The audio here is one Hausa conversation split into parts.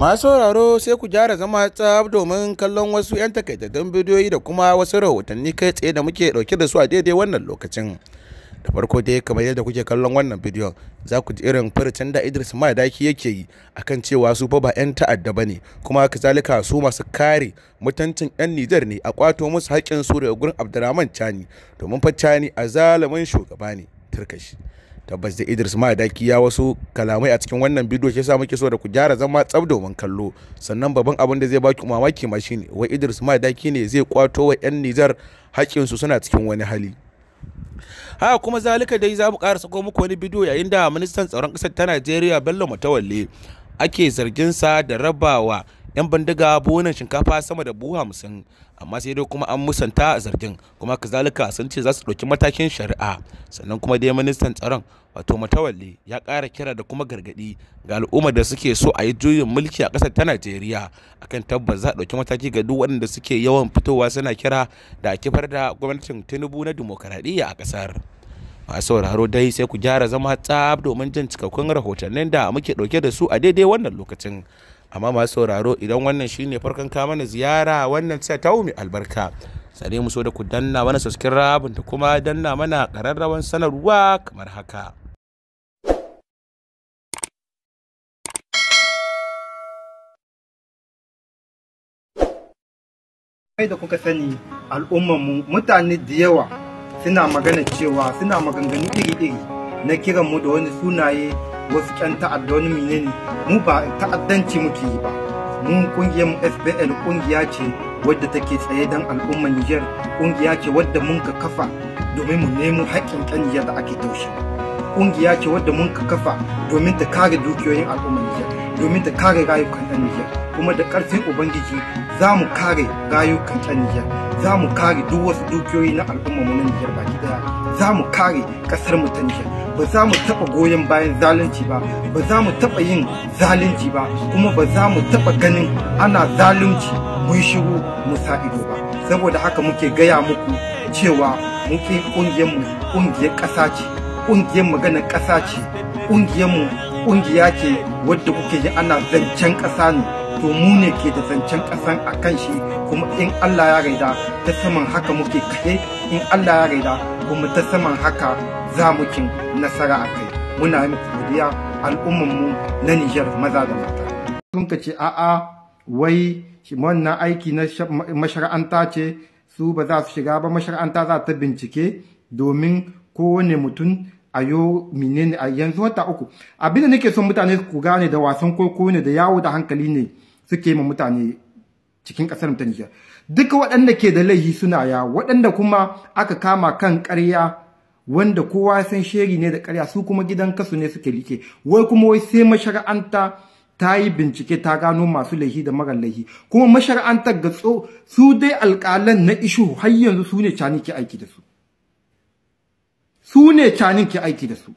masu sauraro sai ku gyara zama tsab domin kallon wasu 'yan takaitattun bidiyoyi da kuma wasu rahotanni kai tsaye da muke dauke da su a daidai wannan lokacin da farko dai kamar yadda kuke kallon wannan bidiyon za ku ji irin furucin da idris madaki yake yi akan cewa su fa ba 'yan ta'adda ba ne kuma kazalika su masu kare mutuncin 'yan nijar ne a kwato musu haƙƙin su daga gurin abdurrahman cani domin fa chani a zalumin shugaba ne turkashi tabbas da idris madaki ya wasu kalamai a cikin wannan bidiyo shi sa muke so da ku gyara zama tsab domin kallo sannan babban abin da zai baki mamaki ma shine wai idris ma madaki ne zai kwato wa yan nijar haƙƙinsu suna cikin wani hali haka kuma zalika dai za mu ƙara sako muku wani bidiyo yayin da ministan tsaron ƙasar ta najeriya bello mutawalle ake zargin sa da rabawa 'yan bandiga bonan shinkafa sama da buhu hamsin amma sai dai kuma an musanta zargin kuma kazalika sun ce za su ɗauki matakin shari'a sannan kuma dai ministan tsaron wato matawalle ya kara kira da kuma gargaɗi ga al'ummar da suke so a yi juyin mulki a ƙasar ta najeriya akan tabbas za a ɗauki mataki ga duk waɗanda suke yawan fitowa suna kira da a kifar da gwamnatin tinubu na dimokuraɗiyya a kasar masu sauraro dai sai ku gyara zama tsab domin jin cikakkun rahotannin da muke ɗauke da su a daidai wannan lokacin amma masu sauraro idan wannan shine farkon kama na ziyara wannan ta taumi albarka Sare mu so da ku danna mana subscribe da kuma danna mana ƙararrawan sanarwa kamar haka kai da kuka sani al'ummarmu mutane da yawa suna magana cewa suna maganganu iri-iri na kiran mu da wani sunaye wasu 'yan ta'adda wani menene mu ba ta'addanci muke yi ba Mun kungiyar mu FPL kungiya ce wadda take tsaye dan al'ummar Niger kungiya ce wadda mun ka kafa domin mu nemo haƙƙin kan Niger da ake taushe kungiya ce wadda mun ka kafa domin ta kare dukiyoyin al'ummar Niger domin ta kare rayukan ɗan Niger kuma da ƙarfin ubangiji za mu kare rayukan ɗan Niger za mu kare duk wasu dukiyoyi na al'umma mu na Nijar baki daya za mu kare kasar mu ta Nijar ba za mu taba goyon bayan zalunci ba ba za mu taba yin zalunci ba kuma ba za mu taɓa ganin ana zalunci mun shigo mu sa ido ba saboda haka muke gaya muku cewa muke kungiyar mu kungiyar ƙasa ce kungiyar maganar ƙasa ce kungiyar mu kungiya ce wadda kuke yi ana zancen ƙasa ne to mu ne ke da zancen ƙasan a kan shi kuma in Allah ya gaida ta saman haka muke kashe in Allah ya gaida kuma ta saman haka za mu kin nasara a kai muna yi muku godiya al'umman mu na Nijar maza da mata sun ka ce a'a wai wannan aiki na mashara'anta ce su ba za su shiga ba mashara'anta za ta bincike domin kowane mutum a yo menene a yanzu wata uku abinda nake son mutane ku gane da wasan kwaikwayo ne da yawo da hankali ne suke ma mutane cikin kasar ta Nijar duka waɗanda ke da laifi suna ya waɗanda kuma aka kama kan ƙarya wanda kowa san sheri ne da ƙarya su kuma gidan kasu ne suke like wai kuma wai sai mashara'anta ta yi bincike ta gano masu laifi da mara laifi. kuma mashara'antar ga su dai alƙalan na ishu har yanzu su ne cani ke aiki da su su ne canin ke aiki da su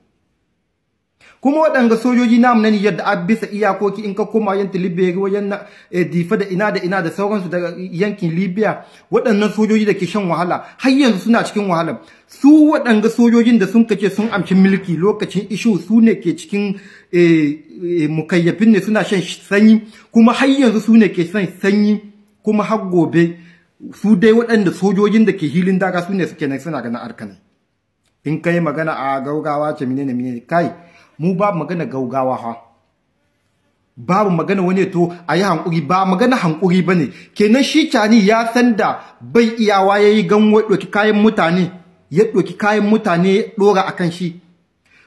kuma waɗanga sojoji namu na Nijar da bisa iyakoki in ka koma yankin Libya wajen na eh, difa da ina da ina da sauransu daga yankin Libya waɗannan sojoji da ke shan wahala har yanzu suna cikin wahala su waɗanga sojojin da sun kace sun amshi mulki lokacin ishu su ne ke cikin eh, eh, mukayyafin ne suna shan sanyi kuma har yanzu su ne ke shan sanyi kuma har gobe su dai waɗanda sojojin da ke hilin daga su ne suke nan suna ganin arkanai in kai magana a gaugawa ce menene menene kai mu babu magana gaugawa ha babu magana wani to a yi hankuri ba magana hankuri ba ne kenan shi cani ya san da bai iyawa ya yi ganwa ɗoki kayan mutane ya ɗoki kayan mutane ɗora a kan shi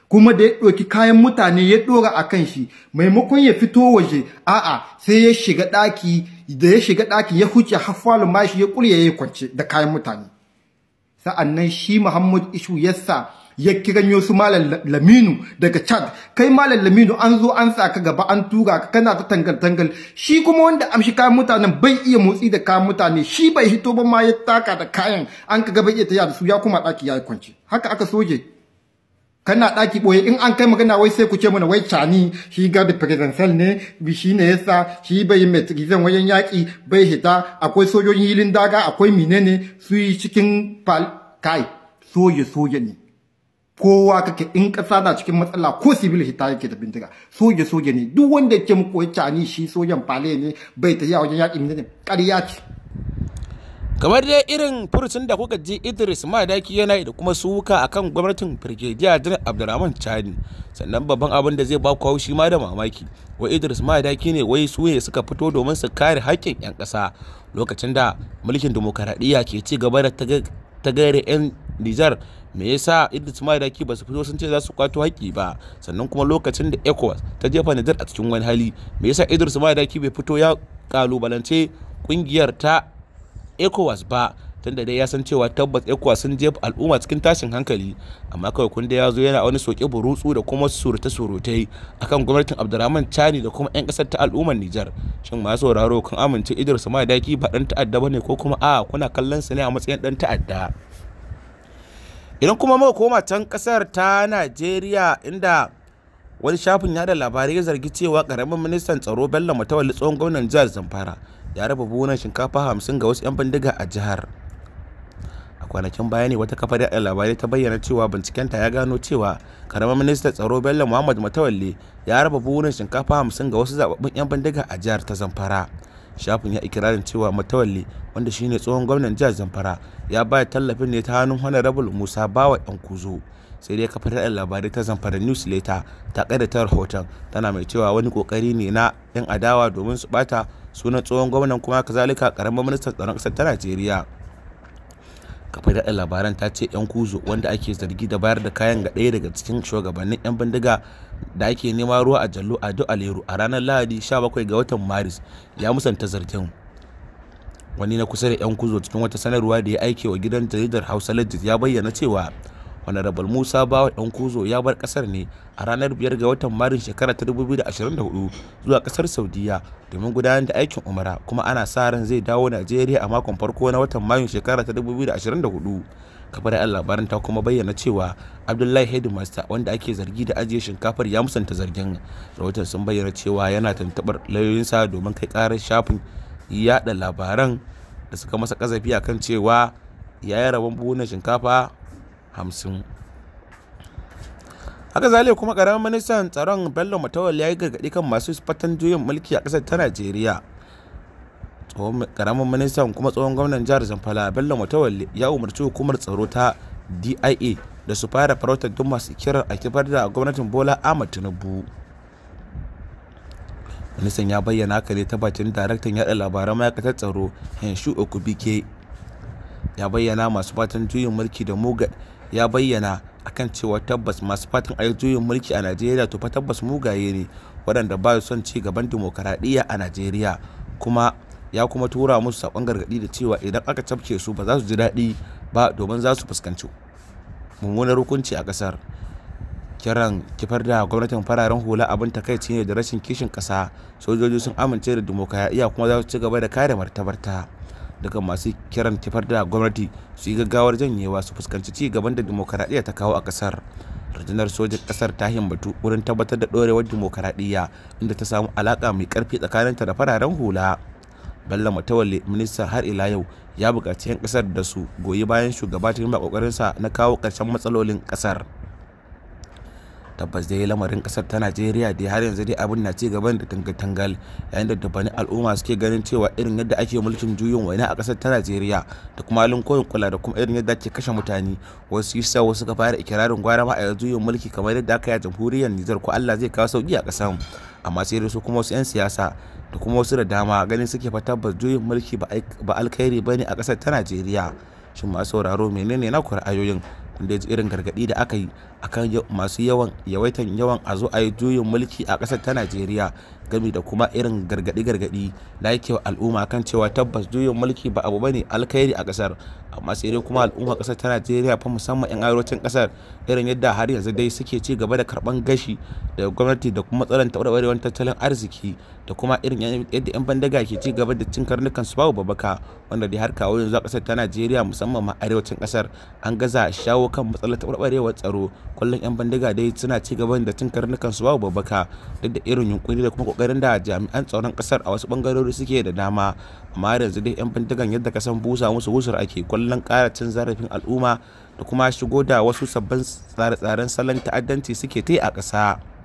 kuma da ya ɗoki kayan mutane ya ɗora a kan shi maimakon ya fito waje a'a sai ya shiga ɗaki da ya shiga ɗaki ya huce har falon mashi ya ƙulya ya yi kwance da kayan mutane sa'annan shi Muhammad Ishu yassa ya kiranyo su malam Laminu daga Chad kai malam Laminu an zo an saka gaba an tura ka kana ta tangal tangal shi kuma wanda amshi kayan mutanen bai iya motsi da kayan mutane shi bai hito ba ma ya taka da kayan an ka gaba iya taya da su ya kuma daki ya kwance haka aka soje kana ɗaki boye in an kai magana wai sai ku ce mana wai cani shi ga da presidential ne shi ne yasa shi bai metrizan wajen yaki bai hita akwai sojojin hilin daga akwai menene su yi cikin kai soja soja ne kowa kake in kasa na cikin matsala ko civil hita yake da bindiga soja soja ne duk wanda yake mu koyi cani shi sojan fale ne bai tafiya wajen yaki menene ƙarya ce kamar dai irin furucin da kuka ji idris madaki yana da kuma suka akan gwamnatin firgediya jan abdulrahman chani sannan babban abin da zai baku haushi ma da mamaki wai idris madaki ne wai su ne suka fito domin su kare haƙƙin 'yan ƙasa lokacin da mulkin demokaradiyya ke ci gaba da tagare 'yan nijar me yasa idris madaki ba su fito sun ce za su kwato haƙƙi ba sannan kuma lokacin da ecowas ta jefa nijar a cikin wani hali me yasa idris madaki bai fito ya kalubalance ƙungiyar ta ecowas ba tunda dai ya san cewa tabbas ecowas sun jefa al'umma cikin tashin hankali amma kawai kun ya zo yana wani soke burutsu da kuma surute surutai akan gwamnatin abdurrahman chani da kuma 'yan kasar ta al'ummar nijar shin masu sauraro kun amince idris ma daki ba dan ta'adda bane ko kuma a kuna kallon sa ne a matsayin dan ta'adda idan kuma muka koma can kasar ta najeriya inda wani shafin yada labarai ya zargi cewa karamin ministan tsaro bello mutawalli tsohon gwamnan jihar zamfara ya raba buhunan shinkafa hamsin ga wasu 'yan bindiga a jihar a kwanakin baya ne wata kafar yada labarai ta bayyana cewa bincikenta ya gano cewa karamin ministan tsaro bello muhammad mutawalli ya raba buhunan shinkafa hamsin ga wasu zababbin 'yan bindiga a jihar ta zamfara shafin ya ikirarin cewa mutawalli wanda shine tsohon gwamnan jihar zamfara ya bayar tallafin ne ta hannun honorable musa bawa yan kuzo sai dai kafar yaɗa labarai ta zamfara newsletter ta ta rahoton tana mai cewa wani kokari ne na yan adawa domin su bata sunan tsohon gwamnan kuma kazalika karamin ministan tsaron kasar ta najeriya kafar yaɗa labaran ta ce yan kuzo wanda ake zargi da bayar da kayan ga ɗaya daga cikin shugabannin yan bindiga da ake nema ruwa a jallo a duk aleru a ranar lahadi 17 ga watan maris ya musanta zargin wani na kusa da yan kuzo cikin wata sanarwa da ya aike wa gidan jaridar hausa legit ya bayyana cewa honorable musa bawa dan kuzo ya bar kasar ne a ranar biyar ga watan maris shekara ta 2024 zuwa kasar saudiya domin gudanar da aikin umara kuma ana sa ran zai dawo najeriya a makon farko na watan mayun shekara ta 2024 kafar yan labaran ta kuma bayyana cewa abdullahi headmaster wanda ake zargi da ajiye shinkafar ya musanta zargin rahoton sun bayyana cewa yana tantabar lauyoyinsa domin kai karar shafin yada labaran da suka masa kazafi akan cewa ya yi rabon buhunan shinkafa hamsin haka zale kuma karamin ministan tsaron bello matawal ya yi gargaɗi kan masu fatan juyin mulki a ƙasar ta najeriya karamin ministan kuma tsohon gwamnan jihar zamfara bello matawal ya umarci hukumar tsaro ta dia da su fara farautar duk masu kiran a kifar da gwamnatin bola ahmad tinubu ministan ya bayyana haka ne ta bakin daraktan yaɗa labaran ma'aikatar tsaro henshu okubike ya bayyana masu fatan juyin mulki da mugad ya bayyana a kan cewa tabbas masu fatan a juyin mulki a najeriya to fa tabbas mugaye ne waɗanda ba su son ci gaban dimokuraɗiyya a najeriya kuma ya kuma tura musu saƙon gargaɗi da cewa idan aka cafke su ba za su ji daɗi ba domin za su fuskanci mummunar hukunci a ƙasar kiran kifar da gwamnatin fararen hula abin takaici ne da rashin kishin ƙasa sojoji sun amince da dimokuraɗiyya kuma za su ci gaba da kare martabarta. daga masu kiran tafar da gwamnati su yi gaggawar janyewa su fuskanci ci gaban da demokaradiyya ta kawo a ƙasar, rundunar sojin ƙasar ta himbatu wurin tabbatar da ɗorewar demokaradiyya inda ta samu alaka mai karfi tsakaninta da fararen hula bello matawalle minista har ila yau ya buƙaci 'yan ƙasar da su goyi bayan shugaba cikin sa na kawo ƙarshen matsalolin ƙasar. tabbas dai lamarin kasar ta najeriya dai har yanzu dai abin na ci gaban da tangal-tangal yayin da dubbanin al'umma suke ganin cewa irin yadda ake mulkin juyin waina a kasar ta najeriya da kuma halin koyin kula da kuma irin yadda ake kashe mutane wasu yasa wasu ka fara ikirarin gwara ma a juyin mulki kamar yadda aka yi a jamhuriyar nijar ko allah zai kawo sauki a kasan amma sai da su kuma wasu 'yan siyasa da kuma wasu da dama ganin suke fa tabbas juyin mulki ba alkhairi ne a kasar ta najeriya shin masu sauraro menene na ra'ayoyin da irin gargadi da aka yi akan masu yawan yawaitan yawan a zo a yi juyin mulki a ƙasar ta najeriya gami da kuma irin gargadi gargaɗi da yake al'umma kan cewa tabbas juyin mulki ba abu bane alkhairi a ƙasar amma sai dai kuma al'umma ƙasar ta najeriya fa musamman 'yan arewacin ƙasar irin yadda har yanzu dai suke ci gaba da karɓan gashi daga gwamnati da kuma matsalar taɓarɓarewar tattalin arziki da kuma irin yadda 'yan bandaga ke ci gaba da cin karnukan su babu babaka wanda dai har kawo yanzu a ƙasar ta najeriya musamman ma arewacin ƙasar an gaza shawo kan matsalar taɓarɓarewar tsaro kwallon 'yan bandiga dai suna ci gaba da cin karnukan su babu babbaka duk da irin yunkuri da kuma kokarin da jami'an tsaron kasar a wasu bangarori suke da dama amma yanzu dai 'yan bandigan yadda ka san busa musu wusur ake kwallon kara cin zarafin al'umma da kuma shigo da wasu sabbin tsare-tsaren salon ta'addanci suke ta a ƙasa.